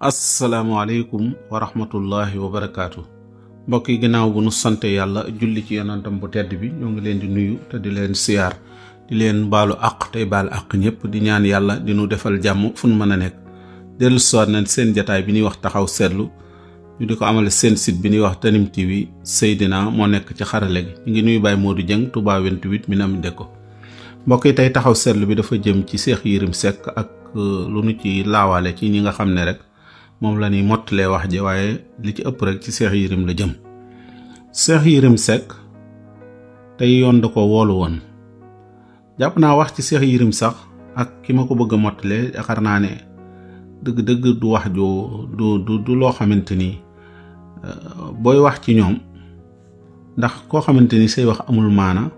asalaamualeykum wa rahmatullahi wa barakaatu mbokk yi ginnaaw bu nu sante yàlla julli ci yonantam bu tedd bi ñoo ngi leen di nuyu te di leen siyaar di leen baalu àq tey baal àq ñëpp di ñaan yàlla di nu defal jàmm fu nu mën a nekk dellu soir na seen jataay bi ñuy wax taxaw seetlu ñu di ko amale seen sit bi ñuy wax Tanim TV Seydina moo nekk ci xarale gi ñu ngi nuyu moo di Dieng Touba 28 mi nam de ko mbokk yi tey taxaw seetlu bi dafa jëm ci Cheikh Yérim Seck ak euh, lu nu ci laawaale ci ñi nga xam ne rek moom la ñuy mottalee wax ji waaye li ci ëpp rek ci Cheikh Yérim la jëm Cheikh Yérim Seck tey yoon da ko woolu woon jàpp naa wax ci Cheikh Yérim sax ak ki ma ko bëgg a mottalee yaakaar naa ne dëgg-dëgg du wax ju du du loo xamante ni euh, booy wax ci ñoom ndax koo xamante ni say wax amul maana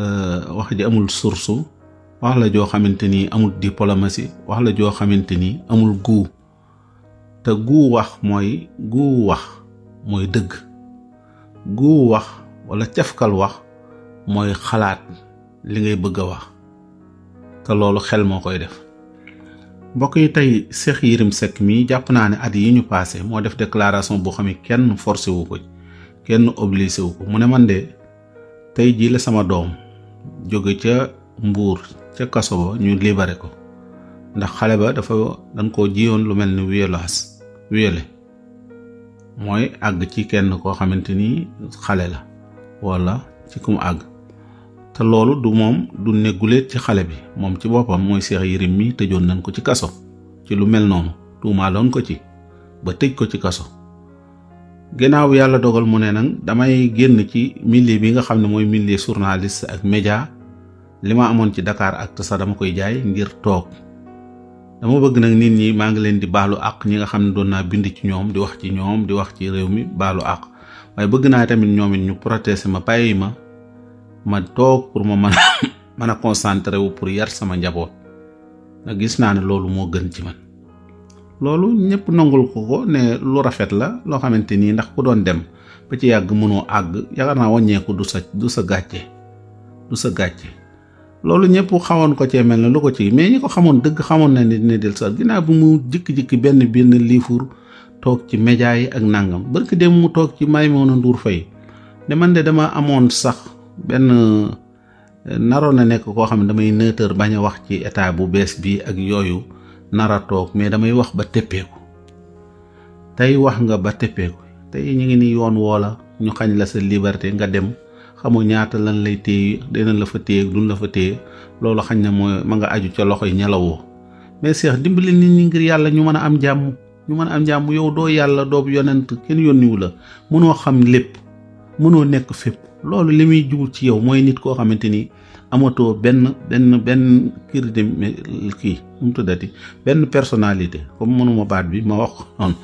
euh, wax ji amul source wax la joo xamante ni amul diplomatie wax la joo xamante ni amul guu te guu wax mooy guu wax mooy dëgg guu wax walla cafkal wax mooy xalaat li ngay bëgg a wax te loolu xel moo koy def mbokk yi tey Cheikh Yérim Seck mii jàpp naa ne at yi ñu paase moo def déclaration boo xam ne kenn forcé wu ko kenn obligé wu ko mu ne man de tey jii la sama doom jóge ca mbuur ca kaso ba ñu libéré ko ndax xale ba dafa dañ koo jiyoon lu mel ni violence wéele mooy àgg ci kenn koo xamante ni xale la wala ci kum àgg te loolu du moom du negguleet ci xale bi moom ci boppam mooy Cheikh Yérim mi tëjoon nañ ko ci kaso ci lu mel noonu tuumaaloon ko ci ba tëj ko ci kaso ginnaaw yàlla dogal mu ne nag damay génn ci milieu bi nga xam ne mooy milli journaliste ak média li ma amoon ci Dakar ak te dama koy jaay ngir toog dama bëgg nag nit ñi maa ngi leen di baalu àq ñi nga xam ne doon naa bind ci ñoom di wax ci ñoom di wax ci réew mi baalu àq waaye bëgg naa tamit ñoom it ñu protéger ma bàyyi ma ma toog pour ma mën a mën a concentré wu pour yar sama njaboot nag gis naa ne loolu moo gën ci man loolu ñëpp nangul ko ko ne lu rafet la loo xamante nii ndax ku doon dem ba ci yàgg mënoo àgg yaakaar naa wàññeeku du sa du sa gàcce du sa gàcce loolu ñëpp xawoon ko cee mel na lu ko ci mais ñi ko xamoon dëgg xamoon na ne dina del saat ginnaaw bi mu jikki-jikki benn benn liifur toog ci média yi ak nangam barki dem mu toog ci may moon a nduur fay ne man de dama amoon sax benn eh, naroon na nekk koo xam ne damay neutre bañ a wax ci état bu bees bi ak yooyu nara toog mais damay wax ba teppeeku tey wax nga ba teppeeku tey ñu ngi ni yoon woola ñu xañ la sa liberté nga dem xamoo ñaata lan lay téye dinañ la fa téye duñ la fa téye loolu xañ na mooy ma nga aju ca loxo yi ñelawoo mais Cheikh dimbali nit ñi ngir yàlla ñu mën a am jàmm ñu mën a am jàmm yow doo yàlla doo yonent kenn yónniwu la mënoo xam lépp mënoo nekk fépp loolu li muy jubul ci yow mooy nit koo xamante ni amatoo benn benn benn kii mu tuddati benn personnalité comme mënuma baat bi ma wax noonu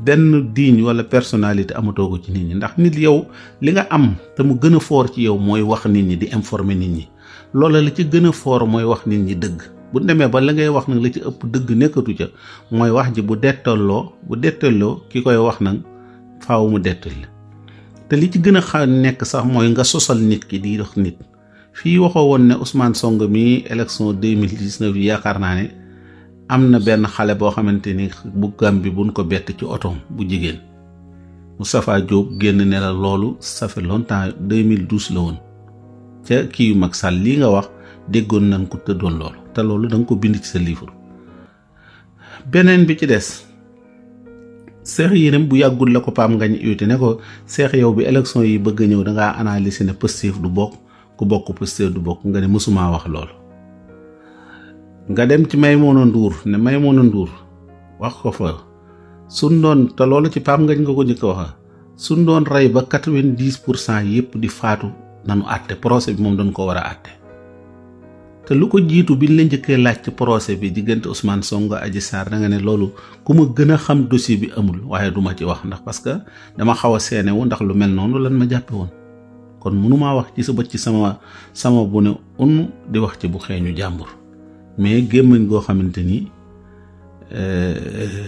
benn digne wala personnalité amatoo ci nit ñi ndax nit yow li nga am te mu gën a foor ci yow mooy wax nit ñi di informé nit ñi loola la ci gën a foor mooy wax nit ñi dëgg bu demee ba la ngay wax nag la ci ëpp dëgg nekkatu ca mooy wax ji bu dettalloo bu dettalloo ki koy wax nag faw mu dettal te li ci gën a xa nekk sax mooy nga sosal nit ki di dox nit fii waxoo woon ne Ousmane Sonko mi élection am na benn xale boo xamante ni bu bi buñ ko bett ci otoom bu jigéen Moustapha Diop génn ne loolu ça fait longtemps 2012 la woon ca kii yu mag sàll lii nga wax déggoon nañ ko tëddoon loolu te loolu danga ko bind ci sa livre beneen bi ci des. seex yérim bu yàggul la ko paam ngañ yuti ne ko seex yow bi élection yi bëgg ñëw dangaa analyser ne Pastef du bokk ku bokk Pastef du bokk nga ne mësumaa wax lool nga dem ci Maymuna Nduur ne may moon a Nduur wax ko fa suñ doon te loolu ci Pape Ngagne nga ko njëkk a waxa suñ doon rey ba quatre vingt pour cent yëpp di faatu nanu àtte procès bi moom dañ ko war a àtte te lu ko jiitu bi la njëkkee laaj ci procès bi diggante Ousmane Sonko Adji Sarr da nga ne loolu ku ma gën a xam dossier bi amul waaye duma ci wax ndax parce que dama xaw a seene wu ndax lu mel noonu lan ma jàppe woon kon mënumaa wax ci sa bët ci sama sama bu ne unn di wax ci bu xeeñu jàmbur mais gémmañ goo xamante ni euh,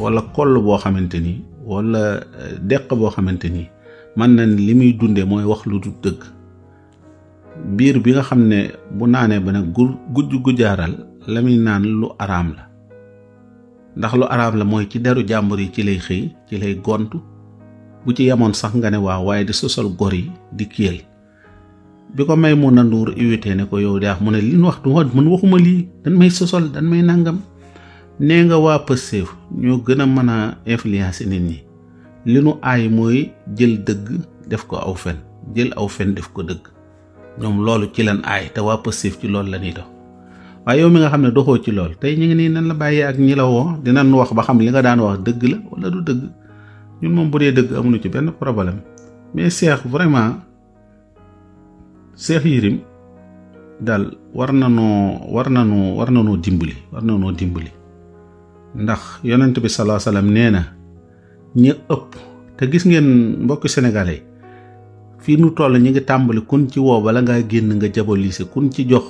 wala koll boo xamante ni wala euh, deq boo xamante ni mën na li muy dunde mooy wax lu du dëgg biir bi nga xam ne bu naanee ba nag gu gujj gujaaral la muy naan lu araam la ndax lu araam la mooy ci deru jàmbur yi ci lay xëy ci lay gont bu ci yemoon sax nga ne waaw waaye di sosal gor yi di kiyal bi ko may mun a nduur iwitee ne ko yow daax mu ne liñ wax du man waxuma lii dañ may sosol dañ may nangam nee nga waa Pastef ñoo gën a mën a influencer nit ñi li nu aay mooy jël dëgg def ko aw fen jël aw fen def ko dëgg ñoom loolu ci leen aay te waa Pastef ci loolu la ñuy dox waaye yow mi nga xam ne doxoo ci lool tey ñu ngi nii nan la bàyyee ak ñi la woo dinañ wax ba xam li nga daan wax dëgg la wala du dëgg ñun moom bu dee dëgg amuñu ci benn problème Cheikh Yérim daal war na noo war na noo war na noo dimbali war na dimbali ndax yonent bi salaa salaam nee na ñi ëpp te gis ngeen mbokki sénégalais fii nu toll ñi ngi tàmbali kun ci woo bala ngaa génn nga jabolise kun ci jox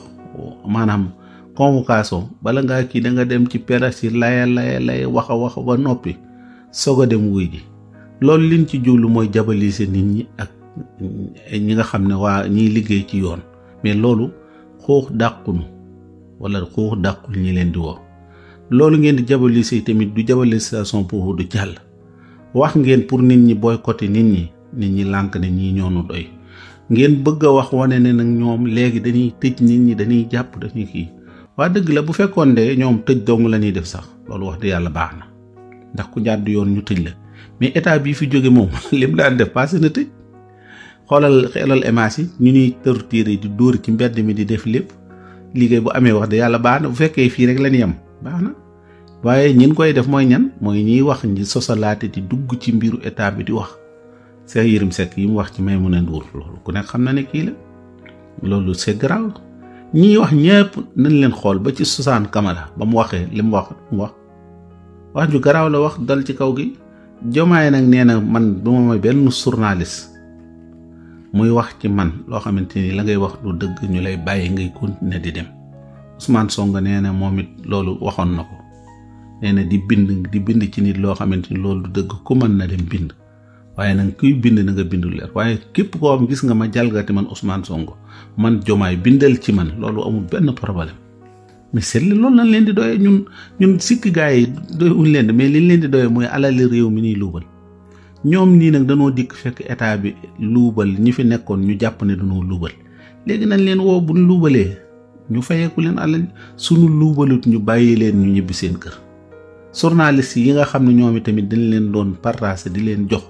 maanaam convocation bala ngaa kii danga dem ci presse yi laya laya laya waxa waxa ba noppi soog a dem wuy ji loolu liñ ci jublu mooy jabalise nit ñi ak ñi nga xam ne waa ñiy liggéey ci yoon mais loolu xuux dàqunu wala xuux dàqul ñi leen di woo loolu ngeen di jabalisé tamit du jabalisation boobu du jàll wax ngeen pour nit ñi boycotter nit ñi nit ñi lànk ne ñii ñoonu doy ngeen bëgg a wax wane ne nag ñoom léegi dañuy tëj nit ñi dañuy jàpp dañuy kii waa dëgg la bu fekkoon de ñoom tëj dong la ñuy def sax loolu wax di yàlla baax na ndax ku jàdd yoon ñu tëj la mais état bii fi jóge moom lim daan def passé xoolal xelal émages yi ñu ñuy torturer di dóor ci mbedd mi di def lépp liggéey bu amee wax de yàlla baax na bu fekkee fii rek la ñu yem baax na waaye ñin koy def mooy ñan mooy ñiy wax ñi sosalaate di dugg ci mbiru état bi di wax Cheikh Yérim Seck yi mu wax ci Maïmouna Ndour loolu ku nekk xam na ne kii loolu c'est grave ñii wax ñëpp nañ leen xool ba ci Suzanne Camara ba mu waxee li mu wax mu wax wax ju garaaw la wax dal ci kaw gi jomaay nag nee na man du ma may benn journaliste muy wax ci man loo xamante ni la ngay wax lu dëgg ñu lay bàyyi ngay continuer di dem Ousmane Sonko nee na moom it loolu waxoon na ko nee na di bind di bind ci nit loo xamante ni loolu du dëgg ku mën na dem bind waaye nag kuy bind na nga bindu leer waaye képp ko am gis nga ma jalgati man Ousmane Sonko man jomaay bindal ci man loolu amul benn problème mais seetlu loolu lañ leen di doyee ñun ñun sikki gars yi doyuñ leen mais liñ leen di doyee mooy alali réew mi ñuy luubal ñoom nii nag danoo dikk fekk état bi luubal ñi fi nekkoon ñu jàpp ne danoo luubal léegi nañ leen woo buñ luubalee ñu fayeeku leen alal suñu luubalut ñu bàyyi leen ñu ñibbi seen kër journaliste yi nga xam ne ñoom itamit dañ leen doon partaase di leen jox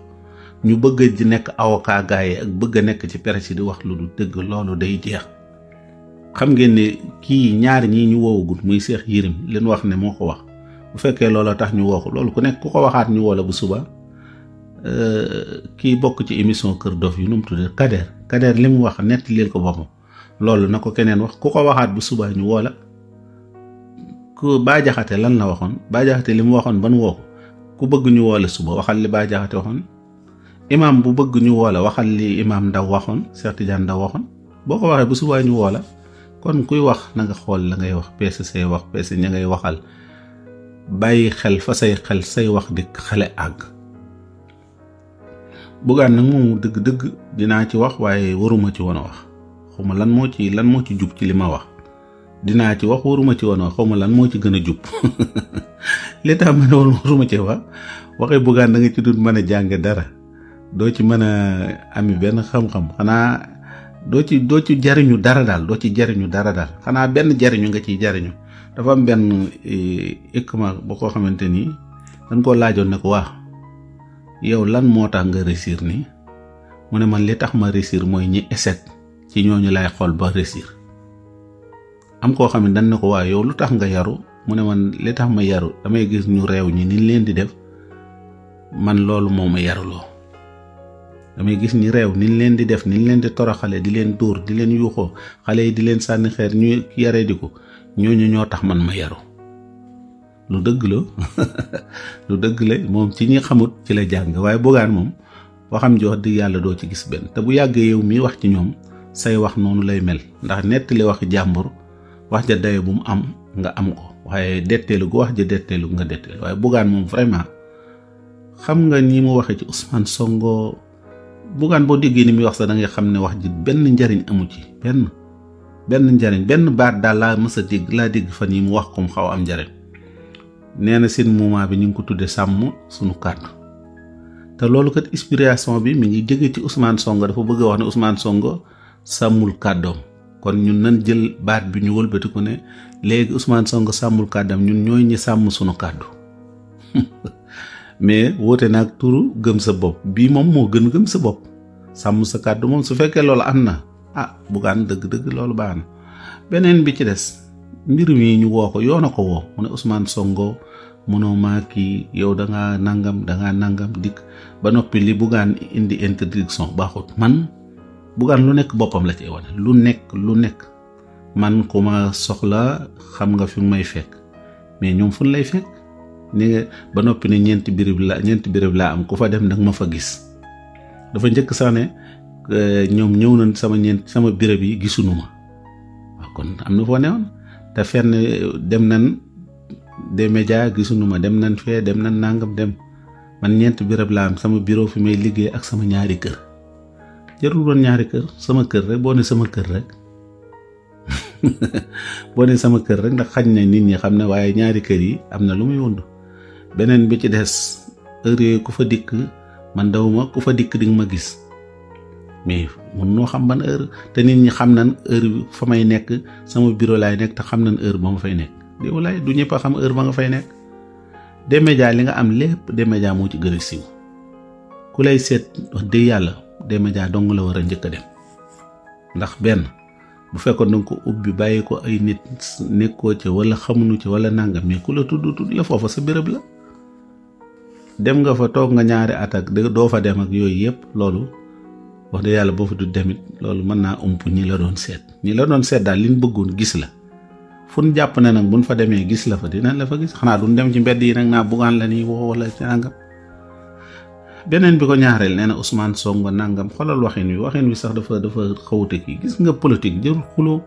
ñu bëgg di nekk avocat gaaye ak bëgg a nekk ci presse di wax lu du tëgg loolu day jeex xam ngeen ni kii ñaari ñii ñu woowagul muy Cheikh Yérim leen wax ne moo ko wax bu fekkee looloo tax ñu woo ko loolu ko waxaat ñu woo bu suba kii bokk ci émission Kër Dof yi nu mu tuddee Kader Kader li mu wax netti leen ko boppam loolu na ko keneen wax ku ko waxaat bu subaa ñu woo ku Bah lan la waxoon Bah li mu waxoon ban woo ku bëgg ñu suba waxal li Bah Diakhaté imaam bu bëgg ñu woo waxal li imaam Ndaw waxoon Cheikh Tidiane Ndaw waxoon boo ko waxee bu subaa ñu woo kon kuy wax na nga xool la ngay wax peese say wax peese ña ngay waxal bàyyi xel fa say xel say wax di xale àgg. Bougane na moomu dëgg-dëgg dinaa ci wax waaye waruma ci woon a wax xawma lan moo ci lan moo ci jub ci li ma wax dinaa ci wax waruma ci woon a wax lan moo ci gën a jub li tax ma ne waruma ci wax waxee Bougane da nga ci dut mën a jànge dara doo ci mën a ami benn xam-xam xanaa doo ci doo ci jariñu dara daal doo ci jariñu dara daal xanaa benn jariñu nga ciy jariñu dafa am benn eh, ikma bu ko xamante ni dañ koo laajoon ne ko waa yow lan moo tax nga réussir ni mu ne man li tax ma réussir mooy ñi échec ci ñooñu laay xool ba réussir am koo xam ne dañ ne ko waaye yow lu tax nga yaru mu ne man li tax ma yaru damay gis ñu réew ñi ni leen di def man loolu moo ma yaruloo damay gis ñi réew ni leen di def ni leen di toroxale di leen dóor di leen yuuxoo xale yi di leen sànni xeer ñu yaree ko ñooñu ñoo tax man ma yaru lu dëgg la lu dëgg la moom ci ñi xamut ci la jàng waaye Bougane moom waxam ji wax dëgg yàlla doo ci gis benn te bu yàggee yow mii wax ci ñoom say wax noonu lay mel ndax nettali wax jàmbur wax ja daye bu mu am nga am ko waaye detteelu gu wax ja detteelu nga detteelu waaye buggaan moom vraiment xam nga ni mu waxee ci Ousmane songoo Bougane boo déggee ni muy wax sax da ngay xam ne wax ji benn njariñ amu ci benn benn njariñ benn baat daal laa mësa dégg laa dégg fan yi mu wax ko xaw am njariñ nee na seen moment bi ñu ngi ko tuddee sàmm suñu kàddu te loolu kat inspiration bi mu ngi jóge ci Ousmane songo dafa bëgg a wax ne Ousmane songo sàmmul kàddoom kon ñun nan jël baat bi ñu wëlbati ne léegi Ousmane songo sàmmul kàddoom ñun ñooy ñi sàmm suñu kàddu mais woote na ak turu gëm sa bopp bii moom moo gën gëm sa bopp sàmm sa kàddu moom su fekkee loolu am na ah bugaan dëgg-dëgg loolu baax na beneen bi ci des mbir mi ñu woo ko yoona ko woo mu ne Ousmane mënoo maa kii yow da ngaa nangam da ngaa nangam dikk ba noppi li buggaan indi interdiction baaxut man buggaan lu nekk boppam la ci wane lu nekk lu nekk man ku ma soxla xam nga fi may fekk mais ñoom fu lay fekk ne ba noppi ne ñeenti béréb la ñeenti béréb laa am ku fa dem nag ma fa gis dafa njëkk sax ne euh, ñoom ñëw na sama ñeent sama béréb yi gisuñu ma waaw kon am na foo newoon te fenn dem nañ des médias gisuñu ma dem nan fee dem nan nàngam dem man ñeent birab laa am sama bureau fi may liggéey ak sama ñaari kër jarul woon ñaari kër sama kër rek boo ne sama kër rek boo ne sama kër rek ndax xaj na nit ñi xam ne waaye ñaari kër yi am na lu muy wund beneen bi ci des heure yooyu ku fa dikk man daw ma ku fa dikk di ma gis mais mun noo xam ban heure te nit ñi xam nan heure bi fa may nekk sama biro laay nekk te xam nan heure ba ma fay nekk di walaay du ñëpp a xam heure ba nga fay nekk D-Media li nga am lépp D-Media moo ci gën a siiw ku lay seet wax dëgg yàlla D-Media dong la war a njëkk a dem ndax benn bu fekkoon danga ko ubbi bàyyi ko ay nit nekkoo ci wala xamuñu ci wala nangam mais ku la tudd tudd la foofa sa béréb la dem nga fa toog nga ñaari at ak doo fa dem ak yooyu yëpp loolu wax de yàlla boo fa du demit loolu mën naa ump ñi la doon seet ñi la doon seddaal li liñ bëggoon gis la fu jàpp ne nag bu nu fa demee gis la fa dinañ la fa gis xanaa duñ dem ci mbedd yi nag naa buggaan la nii woo wala ci nangam beneen bi ko ñaareel nee na Ousmane Sonko nangam xoolal waxin wi waxin wi sax dafa dafa xawute kii gis nga politique jërul xuloo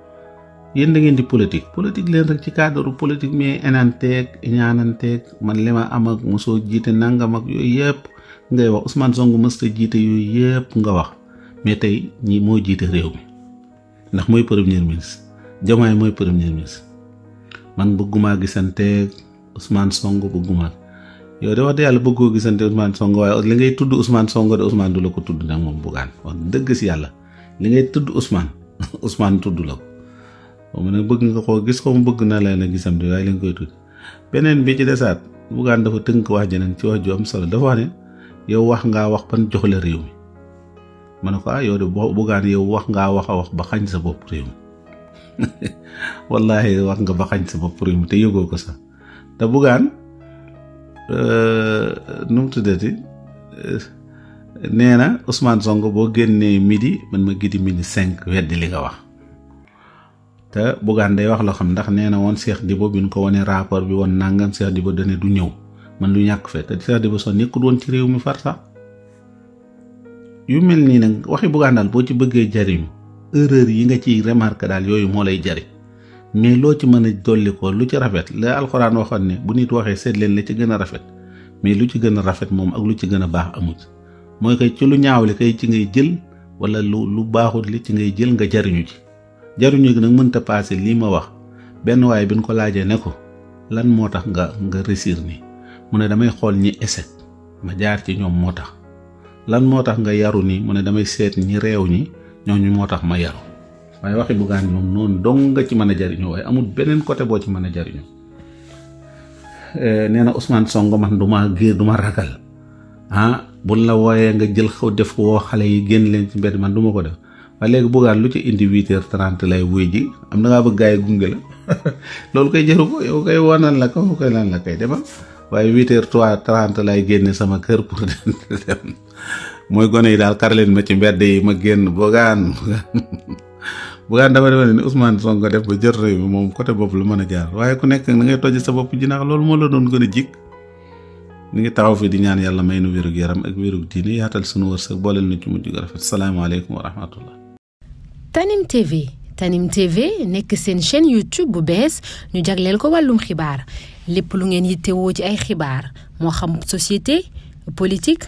yéen da ngeen di politique politique leen rek ci cadre politique mais enanteeg ñaananteeg man li ma am ak mosoo jiite nangam ak yooyu yëpp ngay wax Ousmane Sonko mësta jiite yooyu yëpp nga wax mais tey ñi moo jiite réew mi mooy premier ministre mooy premier ministre man bëggumaa gisanteeg Ousmane song bëggumaa yow de wax de yàlla bëggoo gisante Ousmane Sonko waaye li ngay tudd Ousmane Sonko de Ousmane du la ko tudd nag moom bugaan wax dëgg si yàlla li ngay tudd Ousmane Ousmane tudd la ko moom nag bëgg nga koo gis ko mu bëgg na leen a gisam de waaye li nga koy tudd beneen bi ci desaat bugaan dafa tënk wax jeneen ci wax ju am solo dafa wax ne yow wax ngaa wax ban jox la réew mi ma ne ko ah yow de bugaan yow wax ngaa wax a wax ba xañ sa bopp wallahi wax nga ba xañ sa bopp réew mi te yëgoo ko sax te buggaan euh, nu mu tuddati euh, nee na Ousmane Sonko boo génnee midi man ma gidi midi cinq weddi li nga wax te bugaan day wax loo xam ndax nee na woon Cheikh Dibo bi ñu ko wonee rapport bi woon nangam Cheikh Dibo dane du ñëw man lu ñàkk fekk te Cheikh Dibo soo nekkul woon ci réew mi far sax yu mel nii nag waxi buggaan daal boo ci bëggee jariñ erreur yi nga ciy remarque daal yooyu moo lay jariñ mais loo ci mën a dolli ko lu ci rafet la alxuraan waxoon ne bu nit waxee seet leen la ci gën a rafet mais lu ci gën a rafet moom ak lu ci gën a baax amu ci mooy kay ci lu ñaaw li kay ci ngay jël wala lu lu baaxut li ci ngay jël nga jariñu ci jariñu gi nag mënta paase lii ma wax benn waaye bi ñu ko laajee ne ko lan moo tax nga nga réussir nii mu ne damay xool ñi échec ma jaar ci ñoom moo tax lan moo tax nga yaru nii mu ne damay seet ñi réew ñi ñooñu moo tax ma yaru waaye waxi Bougane moom noonu dong nga ci mën a jariñoo waaye amul beneen côté boo ci mën a jariñoo eh, nee na Ousmane Sonko man du ma géer du ma ragal ah buñ la wooyee nga jël xaw def ko xale yi génn leen ci mbedd man du ma ko def waaye léegi Bougane lu ci indi huit heures lay wuy ji am na ngaa bëgg gaay gunge la loolu koy jëru ko yow koy wonan la ko koy lan la koy demal waaye huit heures trois trente lay génne sama kër pour dem mooy gone yi daal kar leen ma ci mbedd yi ma génn Bougane Bougane dama defe ne Ousmane Sonko def ba jër réew mi moom côté boobu lu mën a jaar waaye ku nekk na ngay toj sa bopp jinaax loolu moo la doon gën a jik ñu ngi taxaw fii di ñaan yàlla may nu wérug yaram ak wérug diini yaatal sunu wërsëg booleel nu ci mujj ga rafet salaamaaleykum wa rahmatullah Tanim TV Tanim TV nekk seen chaîne YouTube bu bees ñu jagleel ko wàllum xibaar lépp lu ngeen yittewoo ci ay xibaar moo xam société politique